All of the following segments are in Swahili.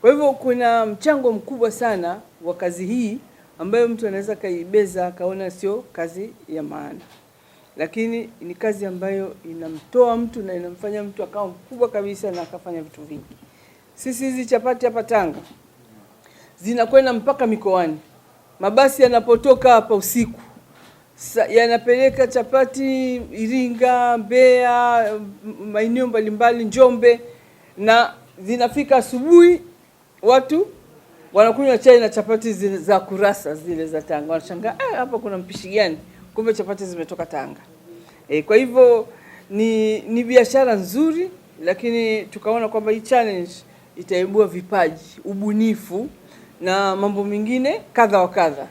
Kwa hivyo kuna mchango mkubwa sana wa kazi hii ambayo mtu anaweza kaibeza akaona sio kazi ya maana, lakini ni kazi ambayo inamtoa mtu na inamfanya mtu akawa mkubwa kabisa na akafanya vitu vingi. Sisi hizi chapati hapa Tanga zinakwenda mpaka mikoani. Mabasi yanapotoka hapa usiku yanapeleka chapati Iringa, Mbeya, maeneo mbalimbali, Njombe, na zinafika asubuhi watu wanakunywa chai na chapati zile za kurasa zile za Tanga, wanashangaa eh, hapa kuna mpishi gani? Kumbe chapati zimetoka Tanga. E, kwa hivyo ni ni biashara nzuri, lakini tukaona kwamba hii challenge itaibua vipaji, ubunifu na mambo mengine kadha wa kadha.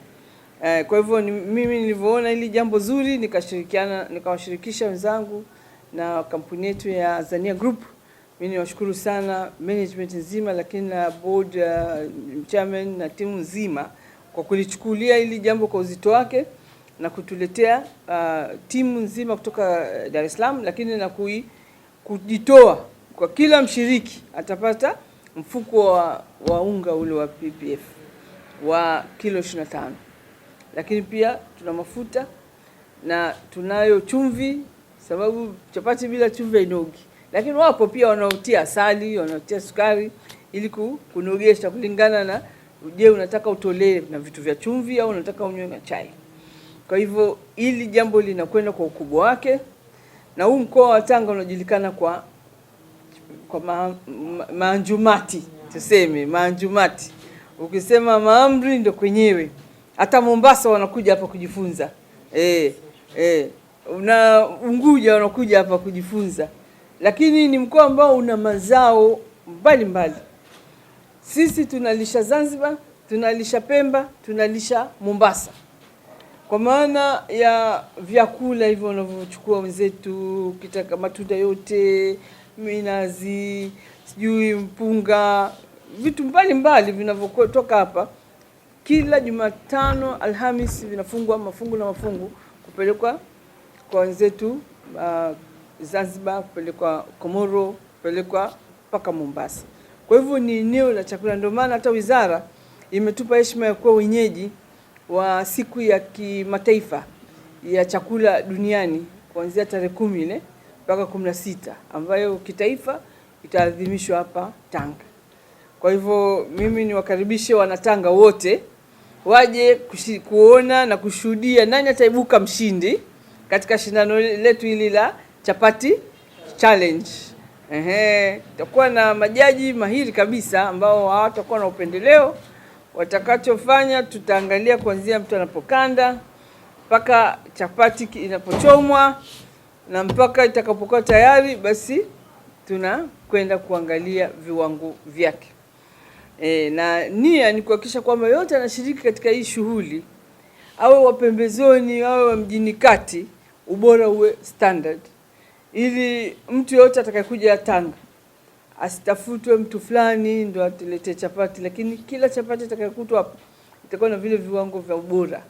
E, kwa hivyo ni, mimi nilivyoona hili jambo zuri, nikashirikiana nikawashirikisha wenzangu na kampuni yetu ya Azania Group mimi niwashukuru sana management nzima, lakini na board uh, chairman na timu nzima kwa kulichukulia hili jambo kwa uzito wake na kutuletea uh, timu nzima kutoka uh, Dar es Salaam, lakini na kui, kujitoa kwa kila mshiriki atapata mfuko wa, wa unga ule wa PPF wa kilo 25, lakini pia tuna mafuta na tunayo chumvi, sababu chapati bila chumvi hainogi lakini wapo pia wanaotia asali, wanaotia sukari ili kunogesha, kulingana na je, unataka utolee na vitu vya chumvi au unataka unywe na chai. Kwa hivyo ili jambo linakwenda kwa ukubwa wake, na huu mkoa wa Tanga unajulikana kwa kwa ma, ma, maanjumati tuseme maanjumati. Ukisema maamri ndo kwenyewe, hata Mombasa wanakuja hapa kujifunza e, e, na Unguja wanakuja hapa kujifunza lakini ni mkoa ambao una mazao mbalimbali. Sisi tunalisha Zanzibar, tunalisha Pemba, tunalisha Mombasa, kwa maana ya vyakula hivyo wanavyochukua wenzetu, kitaka matunda yote, minazi, sijui mpunga, vitu mbalimbali vinavyotoka hapa. Kila Jumatano, Alhamis vinafungwa mafungu na mafungu kupelekwa kwa wenzetu uh, Zanzibar, kupelekwa Komoro, kupelekwa mpaka Mombasa. Kwa hivyo ni eneo la chakula, ndio maana hata wizara imetupa heshima ya kuwa wenyeji wa siku ya kimataifa ya chakula duniani kuanzia tarehe kumi ile mpaka kumi na sita ambayo kitaifa itaadhimishwa hapa Tanga. Kwa hivyo mimi niwakaribishe wanatanga wote waje kuona na kushuhudia nani ataibuka mshindi katika shindano letu hili la chapati challenge. Ehe, tutakuwa na majaji mahiri kabisa ambao hawatakuwa na upendeleo. Watakachofanya tutaangalia kuanzia mtu anapokanda mpaka chapati inapochomwa na mpaka itakapokuwa tayari, basi tunakwenda kuangalia viwango vyake. E, na nia ni kuhakikisha kwamba yote anashiriki katika hii shughuli, awe wapembezoni, awe wa mjini kati, ubora uwe standard ili mtu yoyote atakayekuja Tanga asitafutwe mtu fulani ndo atuletee chapati, lakini kila chapati atakayokutwa hapo itakuwa na vile viwango vya ubora.